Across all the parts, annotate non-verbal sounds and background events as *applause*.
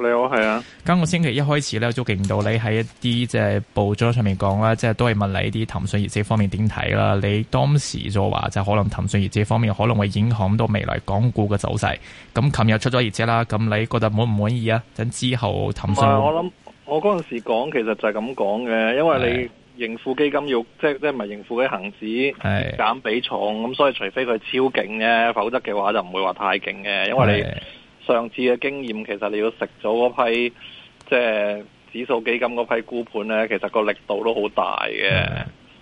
你好，係啊！今個星期一開始咧，我都見到你喺一啲即係報章上面講啦，即係都係問你啲騰訊業績方面點睇啦。你當時就話就可能騰訊業績方面可能會影響到未來港股嘅走勢。咁琴日出咗業績啦，咁你覺得滿唔滿意啊？等之後騰訊我諗我嗰陣時講其實就係咁講嘅，因為你盈富基金要即係即係唔係盈富嘅恒指減比重，咁所以除非佢超勁嘅，否則嘅話就唔會話太勁嘅，因為你。上次嘅經驗，其實你要食咗嗰批即係指數基金嗰批沽盤呢，其實個力度都好大嘅。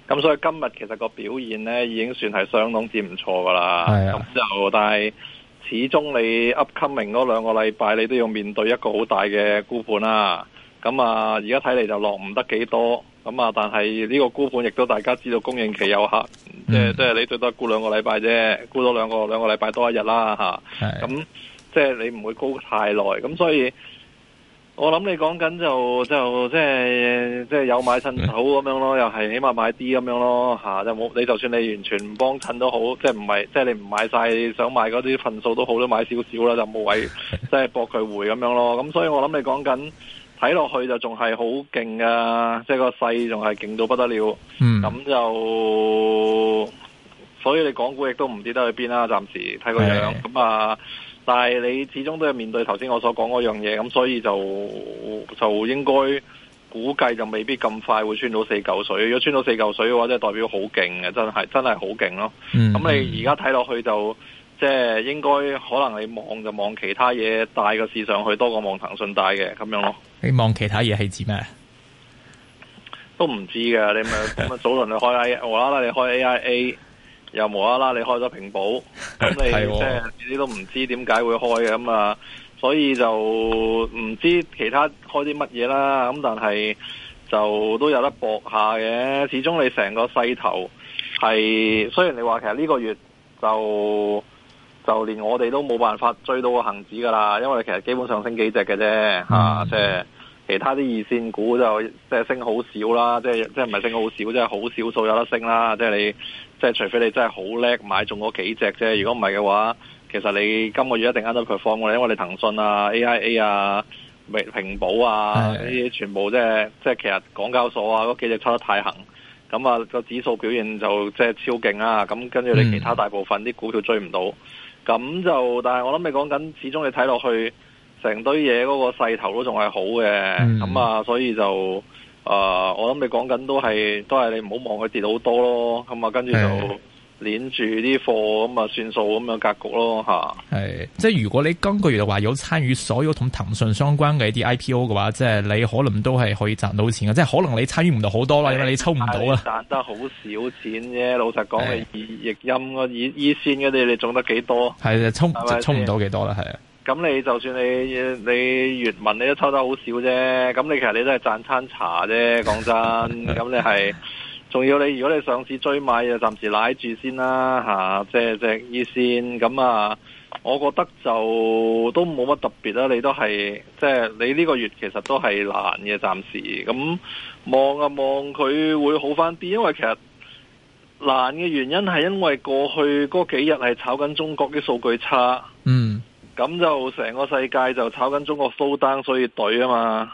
咁、嗯、所以今日其實個表現呢，已經算係相當之唔錯噶啦。啊、嗯，咁就但係始終你 upcoming 嗰兩個禮拜，你都要面對一個好大嘅沽盤啦。咁啊，而家睇嚟就落唔得幾多。咁啊，但係呢個沽盤亦都大家知道供應期有限，嗯、即係即係你最多沽兩個禮拜啫，沽咗兩個禮拜多一日啦吓，咁、嗯。啊。即係你唔會高太耐，咁所以我諗你講緊就就即係即係有買襯好咁樣咯，又係起碼買啲咁樣咯吓，就冇你就算你完全唔幫襯都好，即係唔係即係你唔買晒想買嗰啲份數都好，都買少少啦，就冇位 *laughs* 即係博佢回咁樣咯。咁所以我諗你講緊睇落去就仲係好勁啊，即係個勢仲係勁到不得了。咁、嗯、就所以你港股亦都唔知得去邊啦，暫時睇個樣咁啊。但係你始終都係面對頭先我所講嗰樣嘢，咁所以就就應該估計就未必咁快會穿到四嚿水。如果穿到四嚿水嘅話，即係代表好勁嘅，真係真係好勁咯。咁、嗯、你而家睇落去就即係應該可能你望就望其他嘢帶個市上去多過望騰訊帶嘅咁樣咯。你望其他嘢係指咩？都唔知嘅，你咪早輪你開 A，我 *laughs* 拉啦，你開 AIA。又無啦啦，你開咗屏保，咁你即係、 *laughs* 啊呃、你都唔知點解會開嘅咁啊！所以就唔知其他開啲乜嘢啦，咁但係就都有得搏下嘅。始終你成個勢頭係、嗯，雖然你話其實呢個月就就連我哋都冇辦法追到個恒指噶啦，因為其實基本上升幾隻嘅啫吓，即、嗯、係。啊就是其他啲二線股就即係升好少啦，即係即係唔係升好少，即係好少數有得升啦。即係你，即係除非你真係好叻買中嗰幾隻啫。如果唔係嘅話，其實你今個月一定啱得佢放過嚟，因為你騰訊啊、AIA 啊、平保啊呢啲全部即係即係其實港交所啊嗰幾隻出得太行，咁啊個指數表現就即係超勁啊。咁跟住你其他大部分啲股票追唔到，咁、嗯、就但係我諗你講緊，始終你睇落去。成堆嘢，嗰個勢頭都仲係好嘅，咁、嗯、啊，所以就誒、呃，我諗你講緊都係都係你唔好望佢跌到好多咯，咁啊，跟就住就捻住啲貨咁啊，算數咁樣格局咯，吓。係，即係如果你今個月話有參與所有同騰訊相關嘅一啲 IPO 嘅話，即係你可能都係可以賺到錢嘅，即係可能你參與唔到好多啦，因為你抽唔到啊。賺得好少錢啫，老實講嘅，易易陰咯，易先嗰啲，你中得幾多？係啊，抽唔到幾多啦，係啊。咁你就算你你月問你都抽得好少啫，咁你其實你都係賺餐茶啫，講真。咁你係，仲要你如果你上次追買啊，暫時拉住先啦吓，即係即係二線。咁啊，我覺得就都冇乜特別啦。你都係即係你呢個月其實都係難嘅，暫時咁望啊，望佢會好翻啲，因為其實難嘅原因係因為過去嗰幾日係炒緊中國啲數據差，嗯。咁就成個世界就炒緊中國蘇丹，所以懟啊嘛。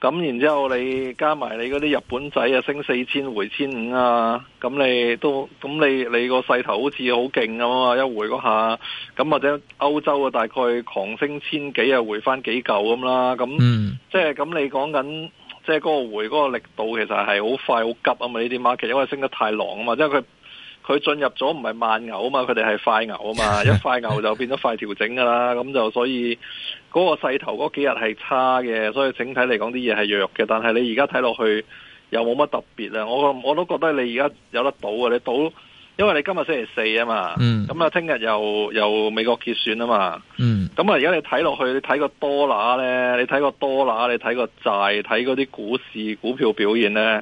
咁然之後你加埋你嗰啲日本仔 4, 1, 啊，升四千回千五啊。咁你都咁你你個勢頭好似好勁咁啊，一回嗰下。咁或者歐洲啊，大概狂升千幾啊，回翻幾舊咁啦。咁即係咁你講緊即係嗰個回嗰個力度，其實係好快好急啊嘛。呢啲 market 其實因為升得太狼啊嘛，即係佢。佢進入咗唔係慢牛啊嘛，佢哋係快牛啊嘛， *laughs* 一快牛就變咗快調整噶啦，咁就所以嗰個勢頭嗰幾日係差嘅，所以整體嚟講啲嘢係弱嘅。但係你而家睇落去又冇乜特別啊，我我都覺得你而家有得賭啊，你賭，因為你今日星期四啊嘛，咁啊聽日又又美國結算啊嘛，咁啊而家你睇落去，你睇個多拿呢，你睇個多拿，你睇個債，睇嗰啲股市股票表現呢。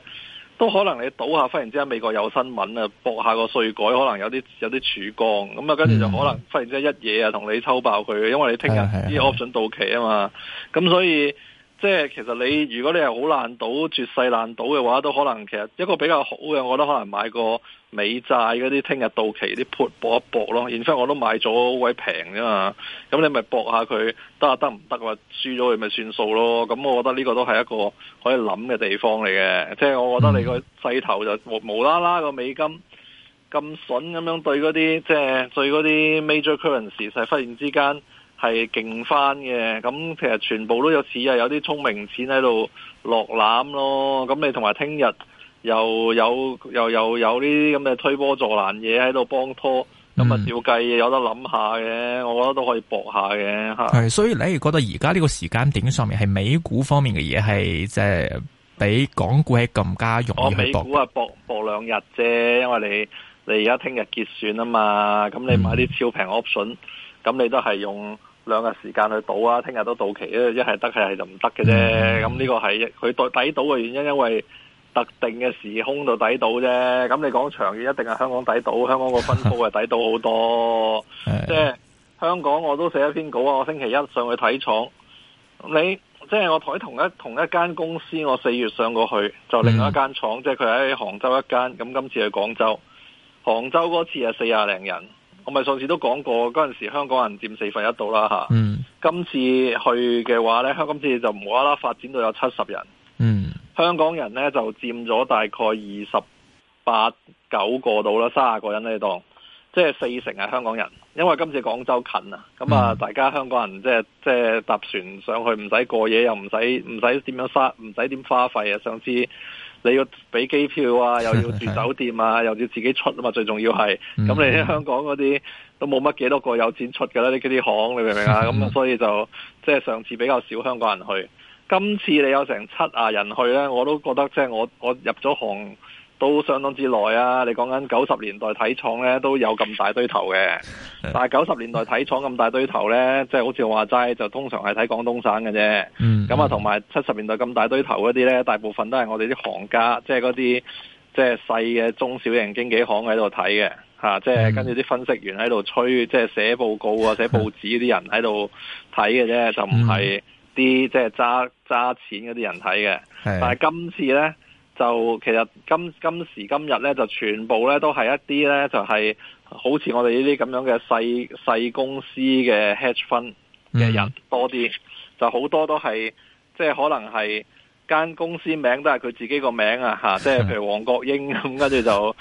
都可能你賭下，忽然之間美國有新聞啊，博下個稅改可能有啲有啲曙光，咁啊跟住就可能忽然之間一嘢啊同你抽爆佢，因為你聽日啲 option 到期啊嘛，咁、嗯嗯、所以即係其實你如果你係好爛賭絕世爛賭嘅話，都可能其實一個比較好嘅，我覺得可能買個。美債嗰啲聽日到期啲盤搏一搏咯，然之後我都買咗位平啫嘛，咁你咪搏下佢得呀？得唔得啊？輸咗佢咪算數咯。咁我覺得呢個都係一個可以諗嘅地方嚟嘅，即係我覺得你個勢頭就，嗯，無啦啦個美金咁筍咁樣對嗰啲即係對嗰啲 major currency 時勢忽然之間係勁翻嘅，咁其實全部都有錢啊，有啲聰明錢喺度落攬咯，咁你同埋聽日。又有又又有呢啲咁嘅推波助瀾嘢，喺度幫拖，咁啊照計有得諗下嘅，我覺得都可以搏下嘅吓。係，所以你覺得而家呢個時間點上面係美股方面嘅嘢，係即係比港股係更加容易搏，哦、美股啊搏搏兩日啫，因為你你而家聽日結算啊嘛，咁你買啲超平 option，咁、嗯、你都係用兩日時間去賭啊，聽日都到期，一係得，係係就唔得嘅啫。咁、嗯、呢個係佢抵賭嘅原因，因為。特定嘅時空度抵到啫，咁你講長遠一定係香港抵到，香港個分佈係抵到好多。 *laughs* 即係香港我都寫一篇稿啊，我星期一上去睇廠。你即係我喺同一同一間公司，我四月上過去就另外一間廠，嗯、即係佢喺杭州一間。咁今次去廣州，杭州嗰次係四十零人，我咪上次都講過嗰陣時香港人佔四分一到啦嚇。今次去嘅話呢，香港次就無啦啦發展到有七十人。香港人咧就佔咗大概二十八九個度啦，卅個人喺當，即係四成係香港人，因為今次廣州近啊，咁、嗯、啊、嗯、大家香港人即係即係搭船上去，唔使過夜，又唔使唔使點樣花，唔使點花費啊！上次你要俾機票啊，又要住酒店啊， *laughs* 又要自己出啊嘛，最重要係，咁、嗯、你喺香港嗰啲都冇乜幾多個有錢出㗎啦，呢啲行你明唔明啊？咁、嗯嗯、所以就即係上次比較少香港人去。今次你有成七啊人去咧，我都覺得即係、就是、我我入咗行都相當之耐啊！你講緊九十年代體廠咧都有咁大堆頭嘅，但係九十年代體廠咁大堆頭咧，即、就、係、是、好似話齋，就通常係睇廣東省嘅啫。咁、嗯、啊，同埋七十年代咁大堆頭嗰啲咧，大部分都係我哋啲行家，即係嗰啲即係細嘅中小型經紀行喺度睇嘅嚇，即係跟住啲分析員喺度吹，即係寫報告啊、寫報紙嗰啲人喺度睇嘅啫，就唔係。嗯啲即係揸揸錢嗰啲人睇嘅，但係今次呢，就其實今今時今日呢，就全部呢都係一啲呢，就係、是、好似我哋呢啲咁樣嘅細細公司嘅 hedge fund 嘅人、mm. 多啲，就好多都係即係可能係間公司名都係佢自己個名啊嚇，即係譬如黃國英咁，跟 *laughs* 住 *laughs* 就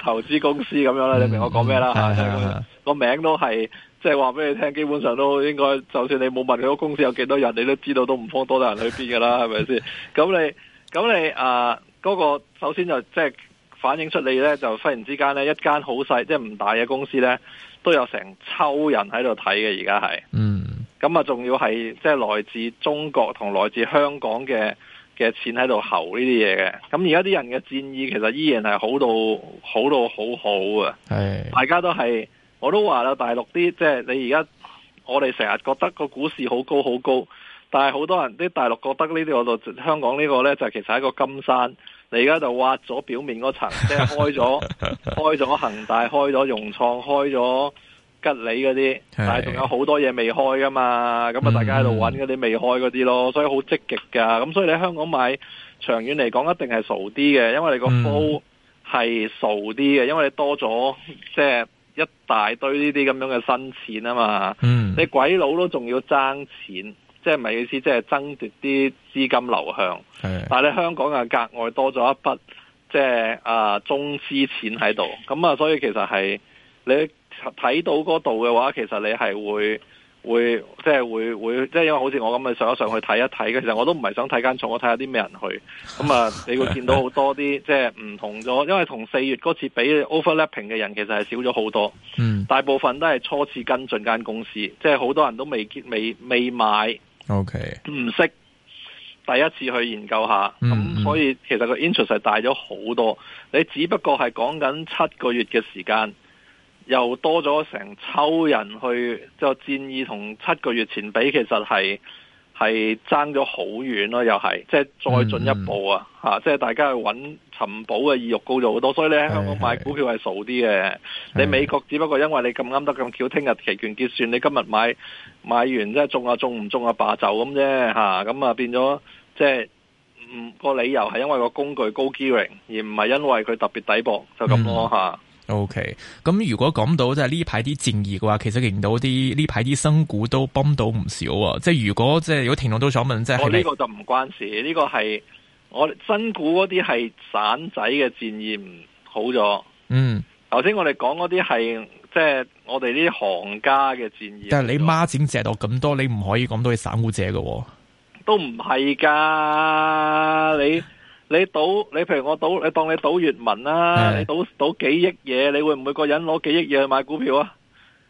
投資公司咁樣啦，mm. 你明我講咩啦？個、mm. 啊啊啊、名都係。即係話俾你聽，基本上都應該，就算你冇問佢個公司有幾多人，你都知道都唔放多得人去邊噶啦，係咪先？咁你咁你啊，嗰、呃嗰個首先就即係反映出你咧，就忽然之間咧，一間好細即係唔大嘅公司咧，都有成抽人喺度睇嘅而家係。嗯。咁啊，仲要係即係來自中國同來自香港嘅嘅錢喺度候呢啲嘢嘅。咁而家啲人嘅戰意其實依然係好到好到好好啊。係。大家都係。我都話啦，大陸啲即係你而家我哋成日覺得個股市好高好高，但係好多人啲大陸覺得呢啲我就香港呢個呢，就是、其實係一個金山。你而家就挖咗表面嗰層，即 *laughs* 係開咗開咗恒大、開咗融創，開咗吉利嗰啲，但係仲有好多嘢未開噶嘛。咁啊，大家喺度揾嗰啲未開嗰啲咯，所以好積極噶。咁所以你喺香港買長遠嚟講一定係傻啲嘅，因為你個波係傻啲嘅，因為你多咗即係。嗯就是一大堆呢啲咁樣嘅新錢啊嘛，嗯、你鬼佬都仲要爭錢，即係咪意思即係爭奪啲資金流向？但係你香港又格外多咗一筆即係啊中資錢喺度，咁啊所以其實係你睇到嗰度嘅話，其實你係會。會即係會會即係因為，好似我咁，啊上一上去睇一睇，其實我都唔係想睇間廠，我睇下啲咩人去。咁啊，你會見到好多啲即係唔同咗，因為同四月嗰次比 overlapping 嘅人，其實係少咗好多。嗯，大部分都係初次跟進間公司，即係好多人都未結、未未買。O K，唔識第一次去研究一下。咁，嗯、所以其實個 interest 係大咗好多。你只不過係講緊七個月嘅時間。又多咗成抽人去，就戰意同七個月前比，其實係係爭咗好遠咯，又係即係再進一步、嗯、啊！即係大家去揾尋寶嘅意欲高咗好多，所以咧、嗯、香港買股票係數啲嘅。你美國只不過因為你咁啱得咁巧，聽日期權結算，你今日買買完即係中啊，中唔、啊、中，中啊，霸就咁啫吓，咁啊，啊變咗即係唔、嗯、個理由係因為個工具高 gearing 而唔係因為佢特別抵博，就咁咯吓。嗯 O K，咁如果講到即係呢排啲戰意嘅話，其實見到啲呢排啲新股都幫到唔少啊！即係如果即係有聽眾都想問，即係我呢個就唔關事，呢、呢個係我新股嗰啲係散仔嘅戰意唔好咗。嗯，頭先我哋講嗰啲係即係我哋呢啲行家嘅戰意。但係你孖展借到咁多，你唔可以講到係散戶借嘅，都唔係噶你。你賭你譬如我賭你當你賭粵文啦，你賭賭幾億嘢，你會唔會個人攞幾億嘢去買股票啊？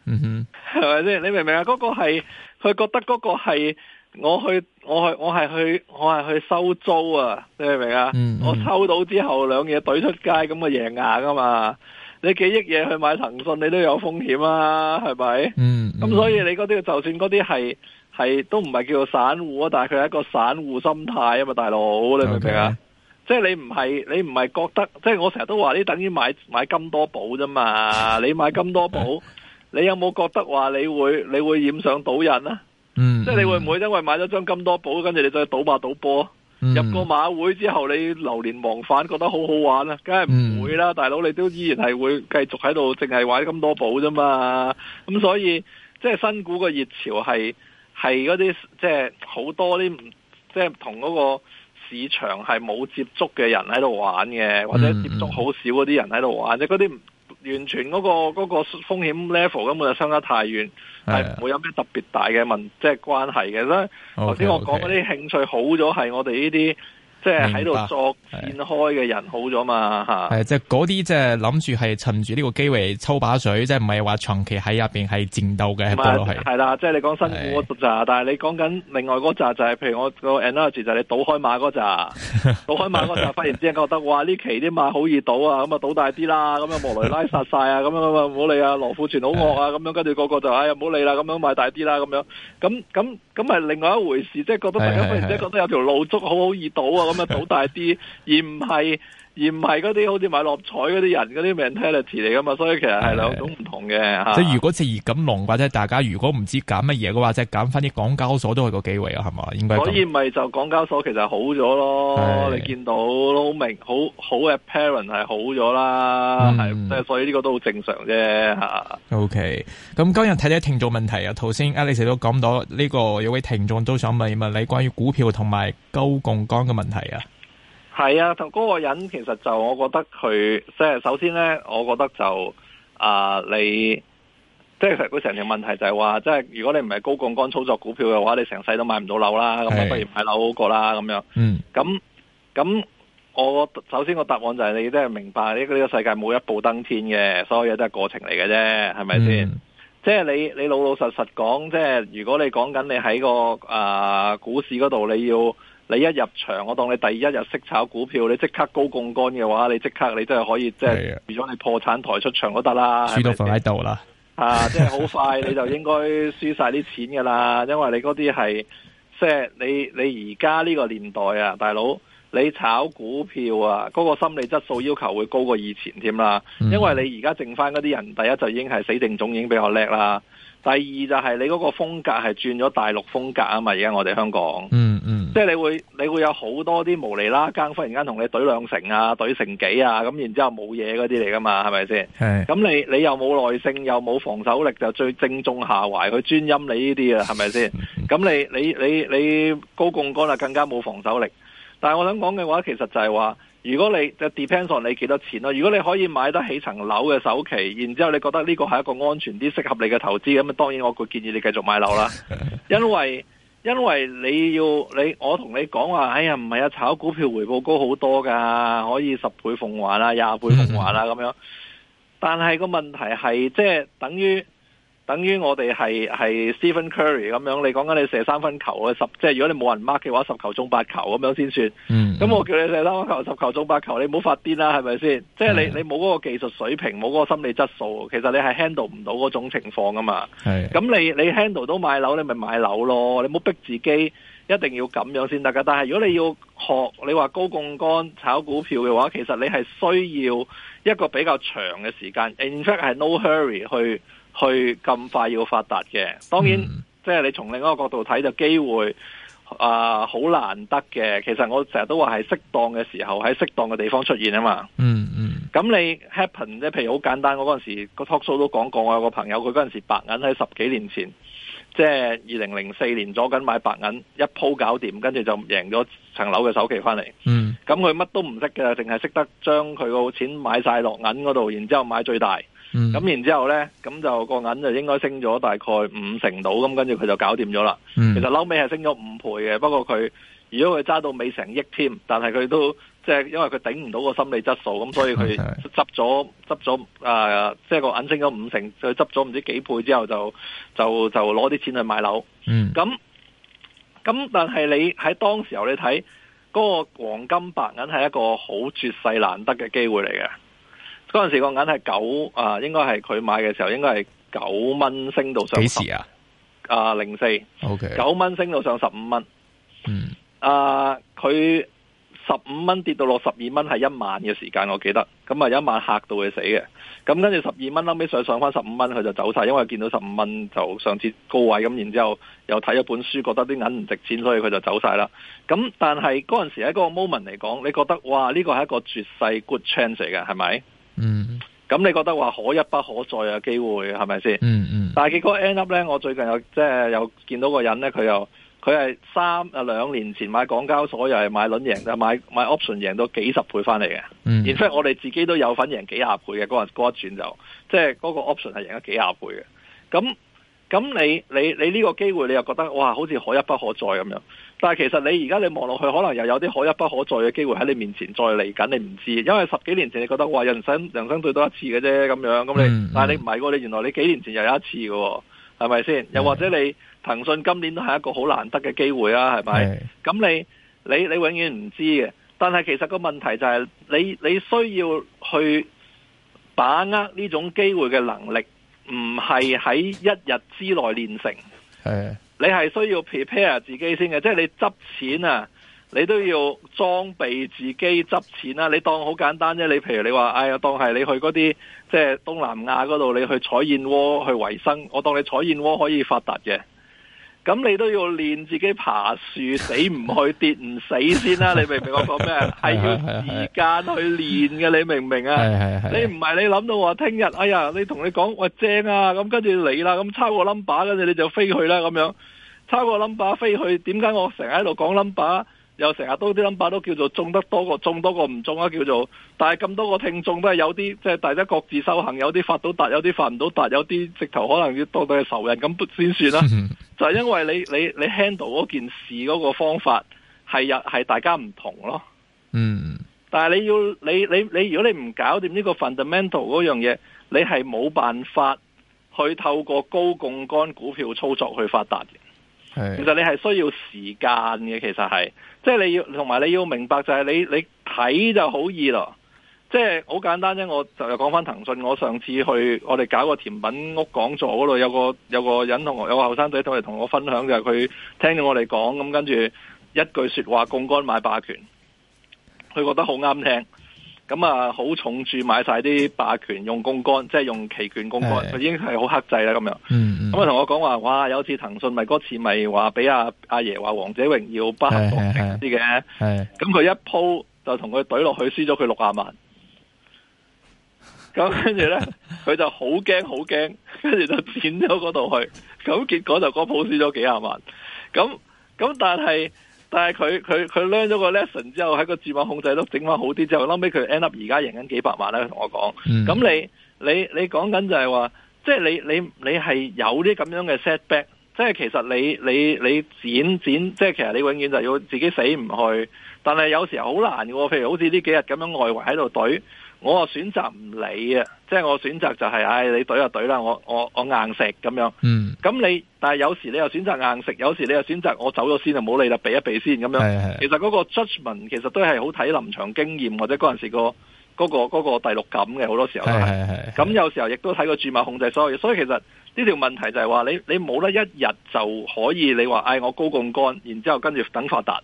嗯哼，係咪先？你明唔明啊？嗰個係佢覺得嗰個係我去我去我係去我係去收租啊？你明唔明啊？Mm -hmm. 我收到之後兩嘢懟出街咁啊贏硬啊嘛！你幾億嘢去買騰訊，你都有風險啊？係咪？嗯，咁所以你嗰啲就算嗰啲係係都唔係叫做散戶，但係佢係一個散戶心態啊嘛，大佬，你明唔明啊？Okay. 即係你唔係你唔係覺得，即係我成日都話你等於買買金多寶啫嘛。你買金多寶， *laughs* 你有冇覺得話你會你會染上賭癮啊？嗯、即係你會唔會因為買咗張金多寶，跟住你再賭八賭波？入個馬會之後，你流連忘返，覺得好好玩啊？梗係唔會啦，嗯、大佬你都依然係會繼續喺度淨係玩金多寶啫嘛。咁所以即係新股個熱潮係係嗰啲即係好多啲即係唔同嗰、嗰個。市場係冇接觸嘅人喺度玩嘅，或者接觸好少嗰啲人喺度玩，即嗰啲完全嗰、嗰個嗰、嗰個風險 level 根本就相差太遠，係唔、啊、會有咩特別大嘅問即係關係嘅。所以頭先我講嗰啲興趣好咗，係我哋呢啲。即係喺度作戰開嘅人好咗嘛吓？係即係嗰啲即係諗住係趁住呢個機會抽把水，即係唔係話長期喺入邊係戰鬥嘅一個係。係啦，即係、就是、你講新股嗰扎但係你講緊另外嗰扎就係、是，譬如我個 energy 就係你倒開馬嗰扎，倒開馬嗰扎，忽然之間覺得 *laughs* 哇呢期啲馬好易倒啊，咁啊倒大啲啦，咁啊摩雷拉殺晒啊，咁啊唔好理啊，羅富全好惡啊，咁樣跟住個個就唉唔好理啦，咁樣買大啲啦，咁樣咁咁。咁係另外一回事，即係覺得大家忽然之間覺得有條路足好好易倒啊，咁啊倒大啲， *laughs* 而唔係。而唔係嗰啲好似買六合彩嗰啲人嗰啲 mentality 嚟噶嘛，所以其實係兩種唔同嘅吓。即係如果即係減落或者大家如果唔知揀乜嘢嘅話，即係揀翻啲港交所都係個機會啊，係嘛，應該。所以咪就港交所其實好咗咯是，你見到都明，好好嘅 apparent 係好咗啦，係即係所以呢個都好正常啫吓。OK，咁今日睇睇聽眾問題啊，頭先 Alice 都講到呢個有位聽眾都想問問你關於股票同埋高槓桿嘅問題啊。係啊，同、那、嗰個人其實就我覺得佢即係首先咧，我覺得就啊、呃、你，即係佢成條問題就係話，即係如果你唔係高槓杆操作股票嘅話，你成世都買唔到樓啦，咁啊不如買樓好過啦咁樣。咁、嗯、咁，我首先個答案就係、是、你真係明白呢、這個世界冇一步登天嘅，所有嘢都係過程嚟嘅啫，係咪先？即係你你老老實實講，即係如果你講緊你喺個啊、呃、股市嗰度你要。你一入場，我當你第一日識炒股票，你即刻高槓桿嘅話，你即刻你真係可以即係，如果你破產抬出場都得啦，輸到放喺度啦，啊， *laughs* 即係好快你就應該輸晒啲錢噶啦，因為你嗰啲係即係你你而家呢個年代啊，大佬你炒股票啊，嗰、嗰個心理質素要求會高過以前添啦，因為你而家剩翻嗰啲人，嗯、第一就已經係死剩種已經比較叻啦，第二就係你嗰個風格係轉咗大陸風格啊嘛，而家我哋香港。嗯即係你會你會有好多啲無厘啦更，忽然間同你懟兩成啊，懟成幾啊，咁然之後冇嘢嗰啲嚟噶嘛，係咪先？咁你你又冇耐性，又冇防守力，就最正中下懷去專陰你呢啲啊，係咪先？咁 *laughs* 你你你你高槓桿啦，更加冇防守力。但係我想講嘅話，其實就係話，如果你就 depends on 你幾多錢咯。如果你可以買得起層樓嘅首期，然之後你覺得呢個係一個安全啲、適合你嘅投資，咁當然我會建議你繼續買樓啦， *laughs* 因為。因為你要，你，我同你講話，哎呀唔係啊，炒股票回報高好多㗎，可以十倍奉還啦，廿倍奉還啦咁樣。但係個問題係即係等於。等於我哋係係 Stephen Curry 咁樣，你講緊你射三分球啊，十即係如果你冇人 mark 嘅話，十球中八球咁樣先算。咁、嗯嗯、我叫你射三分球，十球中八球，你唔好發癲啦，係咪先？即係你你冇嗰個技術水平，冇嗰個心理質素，其實你係 handle 唔到嗰種情況㗎嘛。咁你你 handle 到買樓，你咪買樓咯。你冇逼自己一定要咁樣先得㗎。但係如果你要學你話高槓桿炒股票嘅話，其實你係需要一個比較長嘅時間。In fact 係 no hurry 去。去咁快要發達嘅，當然、嗯、即係你從另一個角度睇就機會啊，好、呃、難得嘅。其實我成日都話係適當嘅時候喺適當嘅地方出現啊嘛。嗯嗯。咁你 happen 即譬如好簡單，我嗰陣時個 talk show 都講過，我有個朋友佢嗰陣時白銀喺十幾年前，即係二零零四年咗緊買白銀，一鋪搞掂，跟住就贏咗層樓嘅首期翻嚟。嗯。咁佢乜都唔識嘅，淨係識得將佢個錢買晒落銀嗰度，然之後買最大，咁、嗯、然之後呢咁就個銀就應該升咗大概五成到，咁跟住佢就搞掂咗啦。其實嬲尾係升咗五倍嘅，不過佢如果佢揸到尾成億添，但係佢都即係、就是、因為佢頂唔到個心理質素，咁所以佢執咗執咗即係個銀升咗五成，就執咗唔知幾倍之後就就就攞啲錢去買樓。咁、嗯、咁但係你喺當時候你睇嗰、那個黃金白銀係一個好絕世難得嘅機會嚟嘅。嗰陣時個銀係九啊，應該係佢買嘅時候，應該係九蚊升到上幾時啊？啊零四，O K，九蚊升到上十五蚊。嗯，啊佢十五蚊跌到落十二蚊係一晚嘅時間，我記得。咁啊，一晚吓到佢死嘅。咁跟住十二蚊，啦，尾上上翻十五蚊，佢就走晒，因為見到十五蚊就上次高位咁。然之後又睇咗本書，覺得啲銀唔值錢，所以佢就走晒啦。咁但係嗰陣時喺嗰個 moment 嚟講，你覺得哇，呢個係一個絕世 good chance 嚟嘅，係咪？咁你覺得話可一不可再嘅機會係咪先？嗯嗯。但係結果 end up 咧，我最近有即係、就是、有見到個人咧，佢又佢係三啊兩年前買港交所，又係買輪贏，就買買 option 贏到幾十倍翻嚟嘅。嗯。而且我哋自己都有份贏幾廿倍嘅，嗰人嗰一轉就即係嗰個 option 係贏咗幾廿倍嘅。咁咁你你你呢個機會，你又覺得哇，好似可一不可再咁樣？但係其實你而家你望落去，可能又有啲可一不可再嘅機會喺你面前再嚟緊，你唔知。因為十幾年前你覺得哇人生人生對多一次嘅啫咁樣，咁、嗯、你，但係你唔係喎，你原來你幾年前又有一次嘅喎，係咪先？又或者你騰訊今年都係一個好難得嘅機會啊，係咪？咁你你，你永遠唔知嘅。但係其實個問題就係、係、你你需要去把握呢種機會嘅能力，唔係喺一日之內練成。你係需要 prepare 自己先嘅，即係你執錢啊，你都要裝備自己執錢啦、啊。你當好簡單啫，你譬如你話，哎，呀，當係你去嗰啲即係東南亞嗰度，你去採燕窩去維生，我當你採燕窩可以發達嘅。咁你都要練自己爬樹，死唔去跌唔死先啦、啊。你明唔明我講咩？係 *laughs* 要時間去練嘅，你明唔明啊？ *laughs* 你唔係你諗到話聽日，哎呀，你同你講喂正啊，咁跟住你啦，咁抄個 number，跟住你就飛去啦，咁樣。差個 number 飛去，點解我成日喺度講 number，又成日都啲 number 都叫做中得多過中多過唔中啊？叫做，但係咁多個聽眾都係有啲，即係大家各自修行，有啲發到達，有啲發唔到達，有啲直頭可能要當佢係仇人咁先算啦。就係因為你你你 handle 嗰件事嗰個方法係日係大家唔同咯。嗯，但係你要你你你，你你如果你唔搞掂呢個 fundamental 嗰樣嘢，你係冇辦法去透過高槓桿股票操作去發達嘅。是其實你係需要時間嘅，其實係，即係你要，同埋你要明白就係你，你睇就好易咯，即係好簡單啫。我就又講翻騰訊，我上次去我哋搞個甜品屋講座嗰度，有個有個人同有個後生仔都嚟同我分享，就係、是、佢聽咗我哋講，咁跟住一句說話，槓桿買霸權，佢覺得好啱聽。咁、嗯、啊，好重注買晒啲霸權，用槓桿，即係用期權槓桿，佢已經係好克制啦。咁、嗯、樣、嗯，咁啊同我講話，哇，有次騰訊咪嗰次咪話俾阿阿爺話《王者榮耀》不不和平啲嘅。咁佢、嗯嗯、一鋪就同佢懟落去，輸咗佢六廿萬。咁跟住咧，佢就好驚好驚，跟住就剪咗嗰度去，咁結果就嗰鋪輸咗幾廿萬。咁、嗯、咁、嗯、但係。但係佢佢佢 learn 咗個 lesson 之後，喺個自目控制都整翻好啲之後，後尾佢 end up 而家贏緊幾百萬啦，佢同我講。咁你你你講緊就係話，即係你你你係有啲咁樣嘅 setback，即係其實你你你剪剪，即係其實你永遠就要自己死唔去。但係有時候好難嘅喎，譬如好似呢幾日咁樣外圍喺度懟我話選擇唔理啊，即係我選擇，我選擇就係、是，唉、哎，你對就對啦，我我我硬食咁樣。嗯。咁你，但係有時你又選擇硬食，有時你又選擇我走咗先就冇理啦，避一避先咁樣係係係。其實嗰個 judgment 其實都係好睇臨場經驗或者嗰陣時、嗰個嗰嗰、嗰個嗰個嗰個、第六感嘅好多時候都係。咁有時候亦都睇個注碼控制所有嘢，所以其實呢條問題就係話你你冇得一日就可以你話嗌我高槓桿，然之後跟住等發達。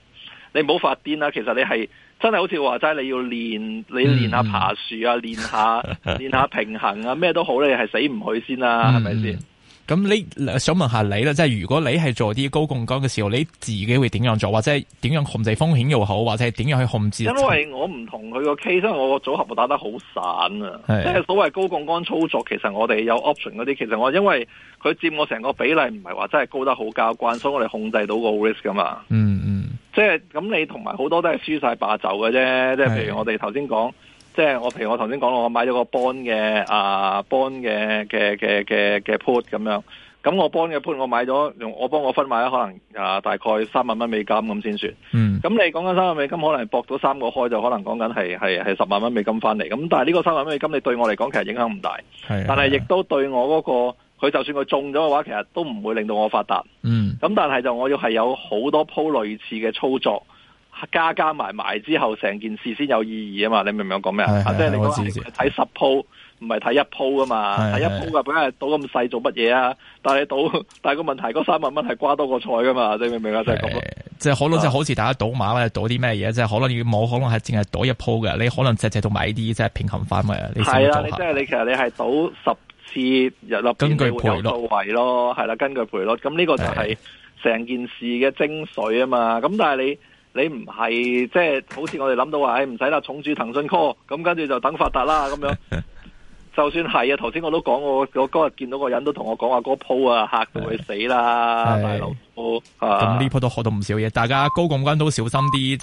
你唔好發癲啦！其實你係真係好似話齋，你要練，你練下爬樹啊，練、嗯、下練下平衡啊，咩都好，你係死唔去先啦，係咪先？咁、嗯、你想問下你啦，即係如果你係做啲高槓杆嘅時候，你自己會點樣做？或者點樣控制風險又好？或者點樣去控制？因為我唔同佢個 case，因為我個組合我打得好散啊，即係所謂高槓杆操作，其實我哋有 option 嗰啲，其實我因為佢佔我成個比例，唔係話真係高得好交關，所以我哋控制到個 risk 噶嘛。嗯嗯。即係咁，你同埋好多都係輸晒霸走嘅啫。即係譬如我哋頭先講，即係我譬如我頭先講，我買咗個 bond 嘅啊 bond 嘅嘅嘅嘅嘅 put 咁樣。咁我 bond 嘅 put 我買咗，用我幫我分買咧，可能啊大概三萬蚊美金咁先算。嗯。咁你講緊三萬美金，可能博到三個開就可能講緊係係係十萬蚊美金翻嚟。咁但係呢個三萬蚊美金，你對我嚟講其實影響唔大。係。但係亦都對我嗰個。佢就算佢中咗嘅話，其實都唔會令到我發達。嗯。咁但係就我要係有好多鋪類似嘅操作，加加埋埋之後成件事先有意義啊嘛！你明唔明我講咩啊？即係你講睇十鋪，唔係睇一鋪㗎嘛！睇一鋪嘅梗係賭咁細做乜嘢啊？但係你賭，但係個問題，嗰三萬蚊係瓜多個菜噶嘛？你明唔明啊？即係咁。即係可能即係好似大家賭馬或者賭啲咩嘢，即係可能要冇可能係淨係賭一鋪嘅，你可能隻只都買啲即係平衡翻嘅。係啊，即係你其實你係賭十。是入笠邊會睇到位咯，係啦，根據賠率，咁呢個就係成件事嘅精髓啊嘛。咁但係你你唔係即係，就是，好似我哋諗到話，誒唔使啦，重注騰訊 call，咁跟住就等發達啦，咁樣。 *laughs* 就算係啊，頭先我都講過我我今日見到個人都同我講話，嗰鋪，啊吓到佢死啦，大牛鋪。咁呢鋪都學到唔少嘢，大家高槓桿都小心啲。